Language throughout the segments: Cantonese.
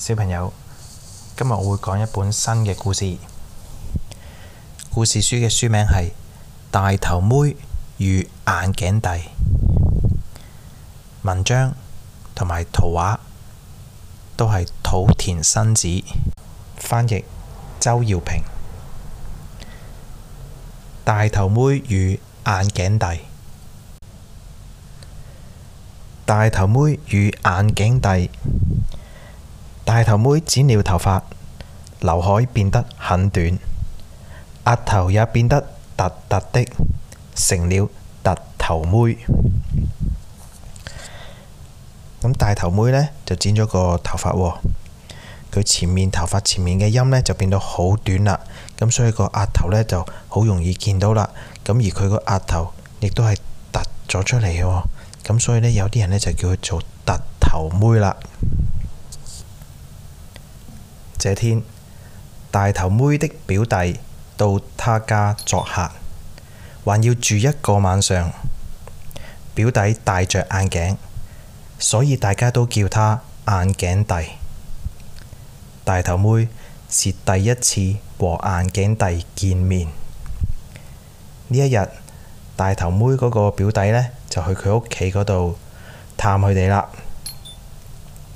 小朋友，今日我會講一本新嘅故事。故事書嘅書名係《大頭妹與眼鏡弟》，文章同埋圖畫都係土田伸子，翻譯周姚萍。大頭妹帝《大頭妹與眼鏡弟》，《大頭妹與眼鏡弟》。大頭妹剪了頭髮，劉海變得很短，額頭也變得凸凸的，成了凸頭妹。咁大頭妹呢，就剪咗個頭髮喎，佢前面頭髮前面嘅音呢，就變到好短啦，咁所以個額頭呢，就好容易見到啦。咁而佢個額頭亦都係凸咗出嚟嘅，咁所以呢，有啲人呢，就叫佢做凸頭妹啦。這天，大頭妹的表弟到她家作客，還要住一個晚上。表弟戴着眼鏡，所以大家都叫他眼鏡弟。大頭妹是第一次和眼鏡弟見面。呢一日，大頭妹嗰個表弟呢，就去佢屋企嗰度探佢哋啦，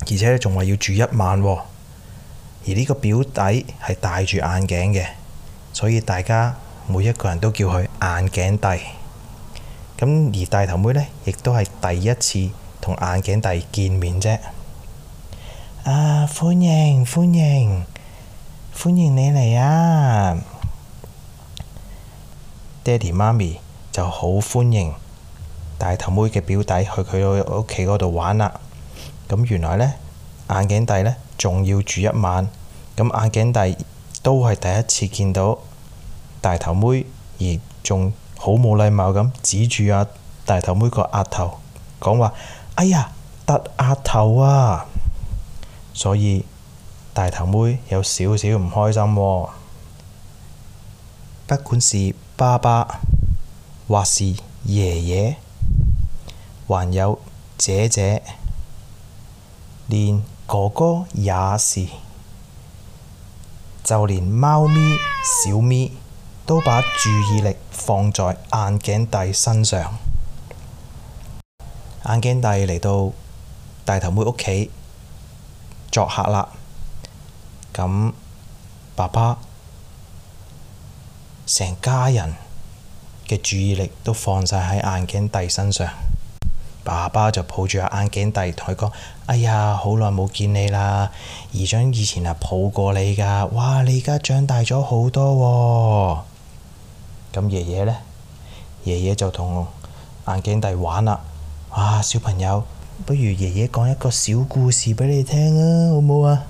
而且仲話要住一晚喎。而呢個表弟係戴住眼鏡嘅，所以大家每一個人都叫佢眼鏡弟。咁而大頭妹呢，亦都係第一次同眼鏡弟見面啫。啊，歡迎歡迎歡迎你嚟啊！爹哋媽咪就好歡迎大頭妹嘅表弟去佢屋企嗰度玩啦。咁原來呢，眼鏡弟呢～仲要住一晚，咁眼鏡弟都係第一次見到大頭妹，而仲好冇禮貌咁指住阿大頭妹個額頭講話，哎呀得額頭啊！所以大頭妹有少少唔開心喎、啊。不管是爸爸或是爺爺，還有姐姐，連……哥哥也是，就連貓咪小咪都把注意力放在眼鏡弟身上。眼鏡弟嚟到大頭妹屋企作客啦，咁爸爸成家人嘅注意力都放晒喺眼鏡弟身上。爸爸就抱住眼鏡弟同佢講，哎呀，好耐冇見你啦！姨丈以前啊抱過你㗎，哇！你而家長大咗好多喎，哦。咁爺爺呢？爺爺就同眼鏡弟玩啦。哇！小朋友，不如爺爺講一個小故事俾你聽啊，好唔好啊？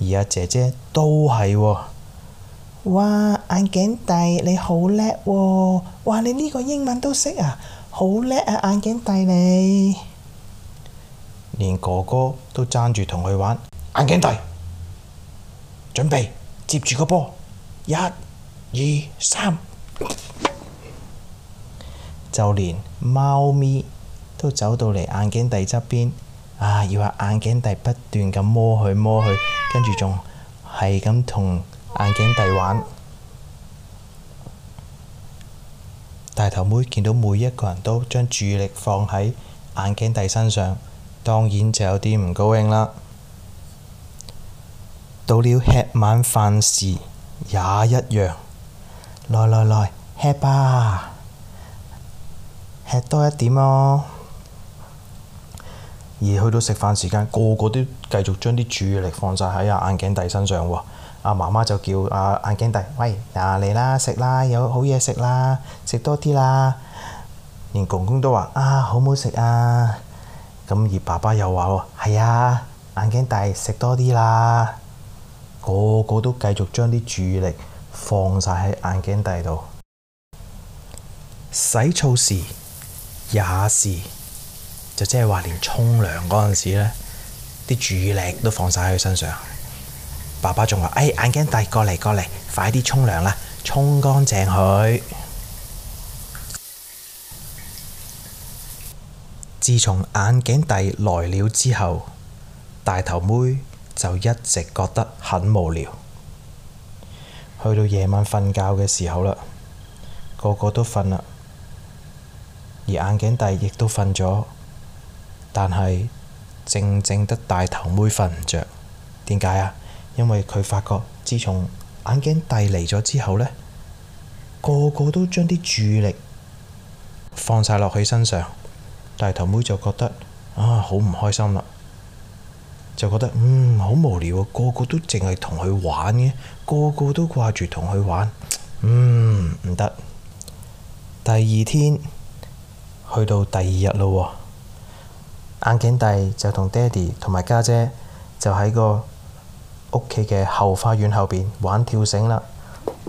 而阿姐姐都係喎。哇！眼鏡弟你好叻喎，哦！哇！你呢個英文都識啊！好叻啊！眼鏡弟你。連哥哥都爭住同佢玩眼鏡弟，準備接住個波，一、二、三， 就連貓咪都走到嚟眼鏡弟側邊，啊要下眼鏡弟不斷咁摸佢摸佢，跟住仲係咁同眼鏡弟玩。大頭妹見到每一個人都將注意力放喺眼鏡弟身上，當然就有啲唔高興啦。到了吃晚飯時，也一樣，來來來，吃吧，吃多一點哦。而去到食飯時間，個個都繼續將啲注意力放晒喺啊眼鏡弟身上喎。阿媽媽就叫阿眼鏡弟：，喂，嚟啦，食啦，有好嘢食啦，食多啲啦。連公公都話：，啊，好唔好食啊？咁而爸爸又話：，喎，係啊，眼鏡弟食多啲啦。個個都繼續將啲注意力放晒喺眼鏡弟度。洗澡時也是，就即係話連沖涼嗰陣時咧，啲注意力都放晒喺佢身上。爸爸仲話：，誒、欸、眼鏡弟過嚟過嚟，快啲沖涼啦，沖乾淨佢。自從眼鏡弟來了之後，大頭妹就一直覺得很無聊。去到夜晚瞓覺嘅時候啦，個個都瞓啦，而眼鏡弟亦都瞓咗，但係靜靜的大頭妹瞓唔着。點解啊？因為佢發覺自從眼鏡弟嚟咗之後呢，個個都將啲注意力放晒落佢身上，大頭妹就覺得啊好唔開心啦，就覺得嗯好無聊啊，個個都淨係同佢玩嘅，個個都掛住同佢玩，嗯唔得。第二天去到第二日咯，眼鏡弟就同爹哋同埋家姐就喺個。屋企嘅後花園後邊玩跳繩啦！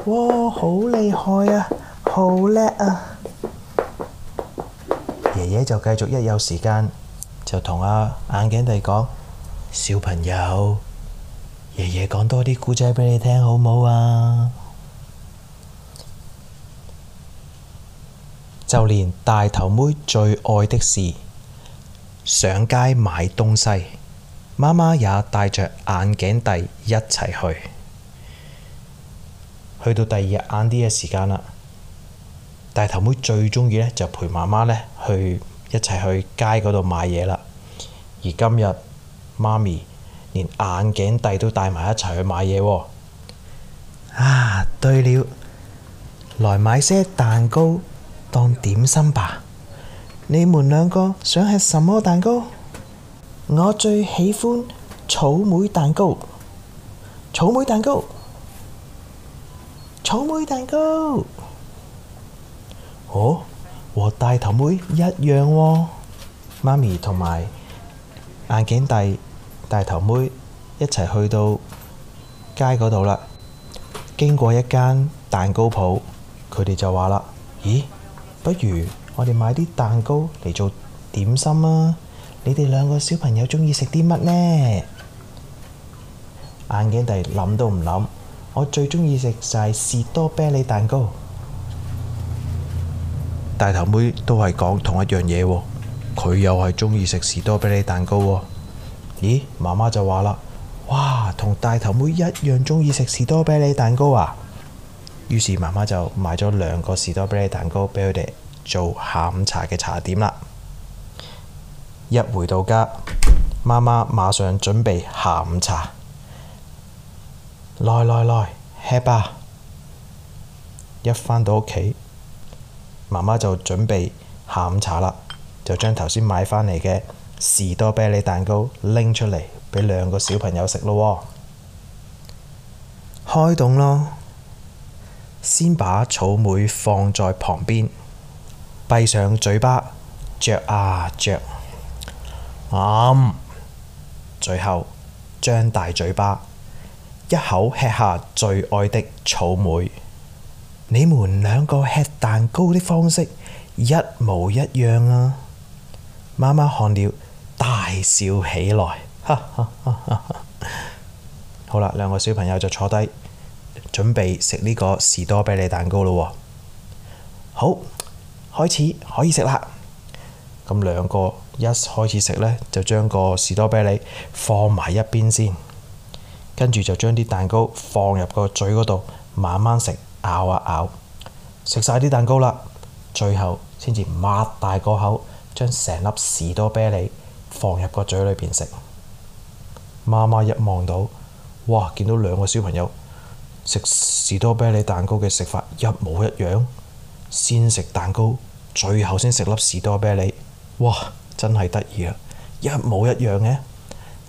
哇，好厲害啊，好叻啊！爺爺就繼續一有時間就同阿眼鏡弟講：小朋友，爺爺講多啲故仔畀你聽好唔好啊？就連大頭妹最愛的事上街買東西。媽媽也帶着眼鏡弟一齊去，去到第二日晏啲嘅時間啦。大頭妹最鍾意呢，就陪媽媽呢去一齊去街嗰度買嘢啦。而今日媽咪連眼鏡弟都帶埋一齊去買嘢喎啊。啊，對了，來買些蛋糕當點心吧。你們兩個想吃什麼蛋糕？我最喜歡草莓蛋糕，草莓蛋糕，草莓蛋糕，哦，和大頭妹一樣喎，哦。媽咪同埋眼鏡弟、大頭妹一齊去到街嗰度啦。經過一間蛋糕鋪，佢哋就話啦：咦，不如我哋買啲蛋糕嚟做點心啊！你哋兩個小朋友中意食啲乜呢？眼鏡弟諗都唔諗我最中意食就係士多啤梨蛋糕。大頭妹都係講同一樣嘢喎，佢又係中意食士多啤梨蛋糕喎。咦？媽媽就話啦：哇，同大頭妹一樣中意食士多啤梨蛋糕啊！於是媽媽就買咗兩個士多啤梨蛋糕俾佢哋做下午茶嘅茶點啦。一回到家，媽媽馬上準備下午茶，來來來，吃吧！一返到屋企，媽媽就準備下午茶啦，就將頭先買返嚟嘅士多啤梨蛋糕拎出嚟畀兩個小朋友食咯喎，開動咯！先把草莓放在旁邊，閉上嘴巴嚼啊嚼。嗯，嗯、最後張大嘴巴，一口吃下最愛的草莓。你們兩個吃蛋糕的方式一模一樣啊！媽媽看了大笑起來，哈哈哈哈哈。好啦，兩個小朋友就坐低，準備食呢個士多啤梨蛋糕喇喎。好，開始可以食啦。咁兩個一開始食咧，就將個士多啤梨放埋一邊先，跟住就將啲蛋糕放入個嘴嗰度，慢慢食咬啊咬，食晒啲蛋糕啦，最後先至擘大個口，將成粒士多啤梨放入個嘴裏邊食。媽媽一望到，哇！見到兩個小朋友食士多啤梨蛋糕嘅食法一模一樣，先食蛋糕，最後先食粒士多啤梨。哇！真係得意啊，一模一樣嘅。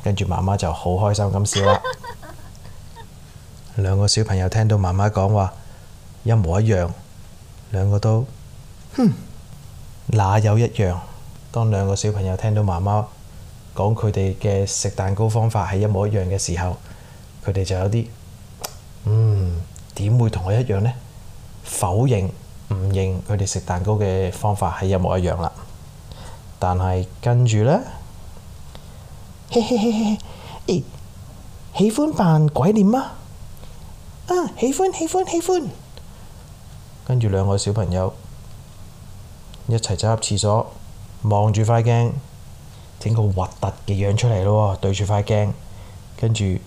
跟住媽媽就好開心咁笑啦。兩個小朋友聽到媽媽講話一模一樣，兩個都哼，哪有一樣？當兩個小朋友聽到媽媽講佢哋嘅食蛋糕方法係一模一樣嘅時候，佢哋就有啲嗯點會同我一樣呢？否認唔認佢哋食蛋糕嘅方法係一模一樣啦。但係跟住咧，嘿嘿嘿嘿嘿、欸，喜歡扮鬼臉啊！啊，喜歡喜歡喜歡。喜歡跟住兩個小朋友一齊走入廁所，望住塊鏡，整個核突嘅樣出嚟咯。對住塊鏡，跟住眼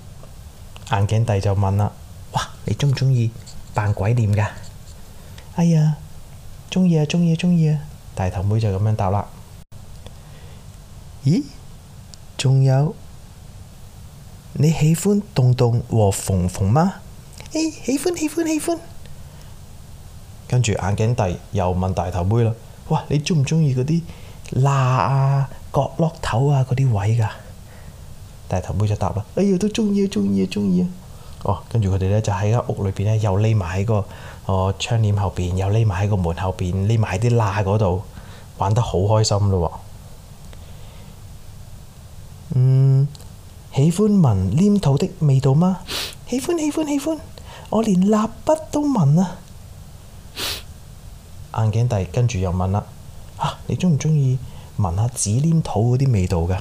鏡弟就問啦：「哇，你中唔中意扮鬼臉㗎？哎呀，中意啊！中意啊！中意啊！啊大頭妹就咁樣答啦。咦，仲有，你喜歡洞洞和縫縫嗎？誒、欸，喜歡喜歡喜歡。喜歡。跟住眼鏡弟又問大頭妹啦，哇，你中唔中意嗰啲罅啊角落頭啊嗰啲位噶？大頭妹就答啦，哎呀，都中意啊中意啊中意啊。哦，跟住佢哋咧就喺個屋裏邊咧又匿埋喺個個窗簾後邊，又匿埋喺個門後邊，匿埋喺啲罅嗰度，玩得好開心咯。嗯，喜歡聞黏土的味道嗎？喜歡喜歡喜歡，我連蠟筆都聞啊！眼鏡弟跟住又問啦：嚇，你鍾唔鍾意聞下紙黏土嗰啲味道㗎？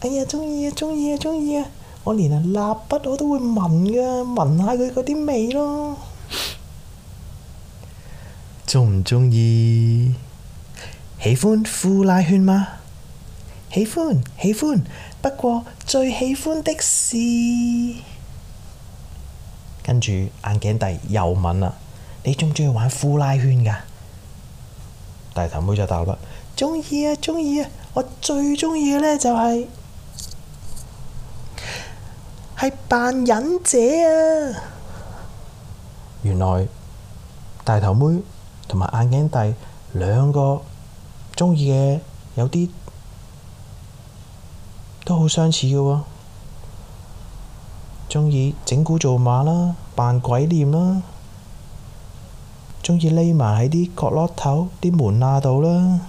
哎呀，鍾意啊鍾意啊鍾意啊，啊！我連啊蠟筆我都會聞㗎，聞下佢嗰啲味咯。鍾唔鍾意？喜歡呼拉圈嗎？喜歡喜歡，不過最喜歡的是。跟住眼鏡弟又問啦：你鍾唔鍾意玩呼拉圈㗎？大頭妹就答啦：鍾意啊，鍾意啊！我最鍾意嘅咧就係、是、係扮忍者啊！原來大頭妹同埋眼鏡弟兩個鍾意嘅有啲都好相似嘅喎，鍾意整蠱做馬啦，扮鬼臉啦，鍾意匿埋喺啲角落頭、啲門罅度啦，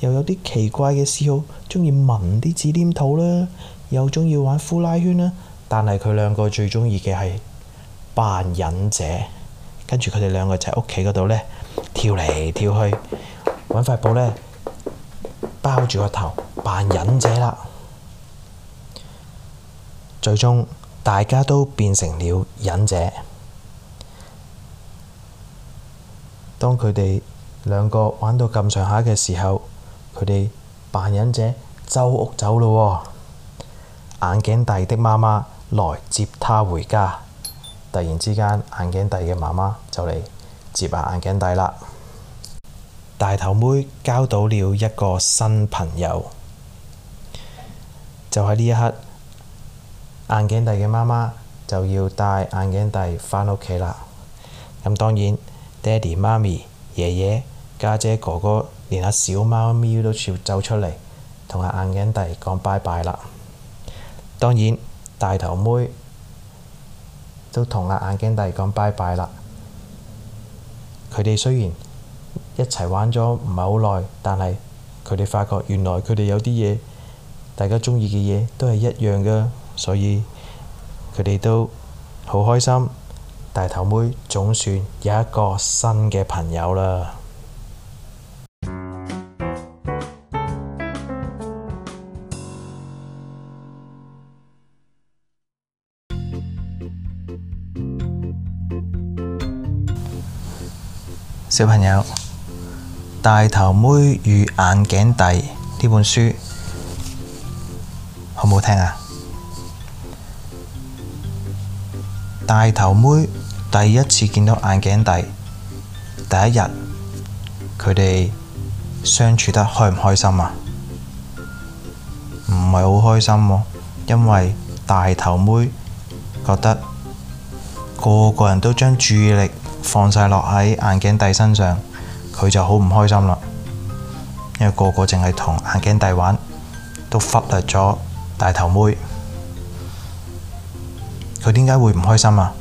又有啲奇怪嘅嗜好，鍾意聞啲紙黏土啦，又鍾意玩呼啦圈啦。但係佢兩個最鍾意嘅係扮忍者，跟住佢哋兩個就喺屋企嗰度呢，跳嚟跳去，揾塊布呢，包住個頭，扮忍者啦。最終大家都變成了忍者。當佢哋兩個玩到咁上下嘅時候，佢哋扮忍者周屋走咯，哦。眼鏡弟的媽媽來接他回家。突然之間眼鏡弟嘅媽媽就嚟接下眼鏡弟啦。大頭妹交到了一個新朋友。就喺呢一刻。眼鏡弟嘅媽媽就要帶眼鏡弟返屋企啦。咁當然，爹哋、媽咪、爺爺、家姐、哥哥，連阿小貓咪都走出嚟同阿眼鏡弟講拜拜啦。當然，大頭妹都同阿眼鏡弟講拜拜啦。佢哋雖然一齊玩咗唔係好耐，但係佢哋發覺原來佢哋有啲嘢，大家鍾意嘅嘢都係一樣㗎。所以佢哋都好開心，大頭妹總算有一個新嘅朋友啦。小朋友，《大頭妹與眼鏡弟》呢本書好唔好聽啊？大頭妹第一次見到眼鏡弟，第一日佢哋相處得開唔開心啊？唔係好開心，因為大頭妹覺得個個人都將注意力放晒落喺眼鏡弟身上，佢就好唔開心啦。因為個個淨係同眼鏡弟玩，都忽略咗大頭妹。佢點解會唔開心啊？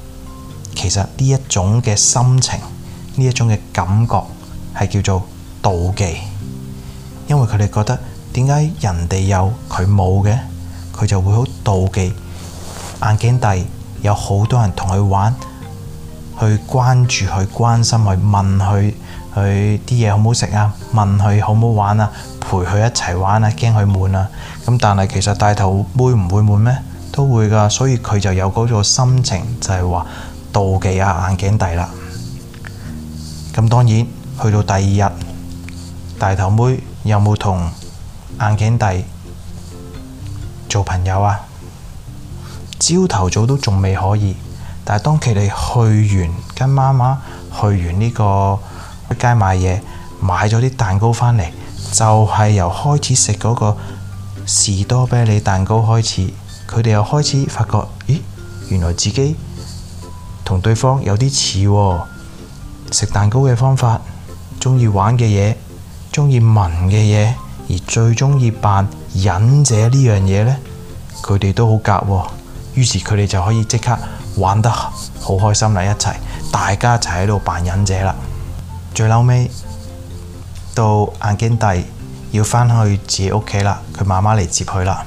其實呢一種嘅心情，呢一種嘅感覺係叫做妒忌，因為佢哋覺得點解人哋有佢冇嘅，佢就會好妒忌。眼鏡弟有好多人同佢玩，去關注佢、關心佢、問佢、佢啲嘢好唔好食啊？問佢好唔好玩啊？陪佢一齊玩啊，驚佢悶啊。咁但係其實大頭妹唔會悶咩？都會㗎，所以佢就有嗰個心情就係話妒忌阿眼鏡弟啦。咁當然去到第二日，大頭妹有冇同眼鏡弟做朋友啊？朝頭早都仲未可以，但係當佢哋去完跟媽媽去完呢、這個街買嘢，買咗啲蛋糕返嚟，就係、是、由開始食嗰個士多啤梨蛋糕開始。佢哋又開始發覺，咦，原來自己同對方有啲似喎，食蛋糕嘅方法，中意玩嘅嘢，中意聞嘅嘢，而最中意扮忍者呢樣嘢呢，佢哋都好夾喎，於是佢哋就可以即刻玩得好開心啦！一齊，大家一齊喺度扮忍者啦。最嬲尾，到眼鏡弟要返去自己屋企啦，佢媽媽嚟接佢啦。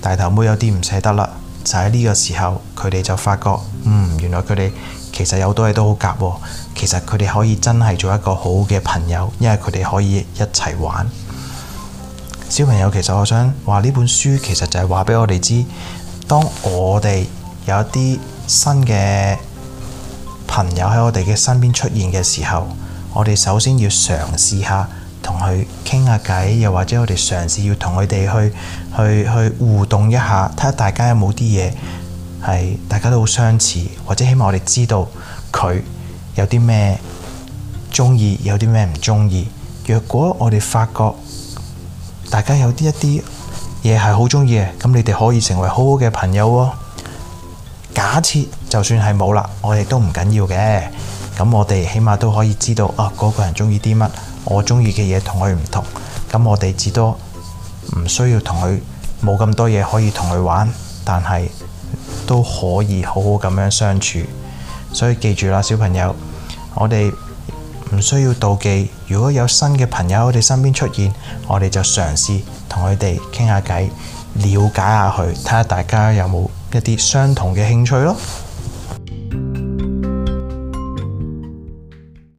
大頭妹有啲唔捨得啦，就喺呢個時候，佢哋就發覺，嗯，原來佢哋其實有好多嘢都好夾喎。其實佢哋可以真係做一個好嘅朋友，因為佢哋可以一齊玩。小朋友，其實我想話呢本書其實就係話俾我哋知，當我哋有一啲新嘅朋友喺我哋嘅身邊出現嘅時候，我哋首先要嘗試下，同佢傾下偈，又或者我哋嘗試要同佢哋去去去互動一下，睇下大家有冇啲嘢係大家都好相似，或者希望我哋知道佢有啲咩中意，有啲咩唔中意。若果我哋發覺大家有啲一啲嘢係好中意嘅，咁你哋可以成為好好嘅朋友喎、哦。假設就算係冇啦，我哋都唔緊要嘅。咁我哋起碼都可以知道啊，嗰、那個人中意啲乜。我中意嘅嘢同佢唔同，咁我哋至多唔需要同佢冇咁多嘢可以同佢玩，但係都可以好好咁樣相處。所以記住啦，小朋友，我哋唔需要妒忌。如果有新嘅朋友喺我哋身邊出現，我哋就嘗試同佢哋傾下偈，了解下佢，睇下大家有冇一啲相同嘅興趣咯。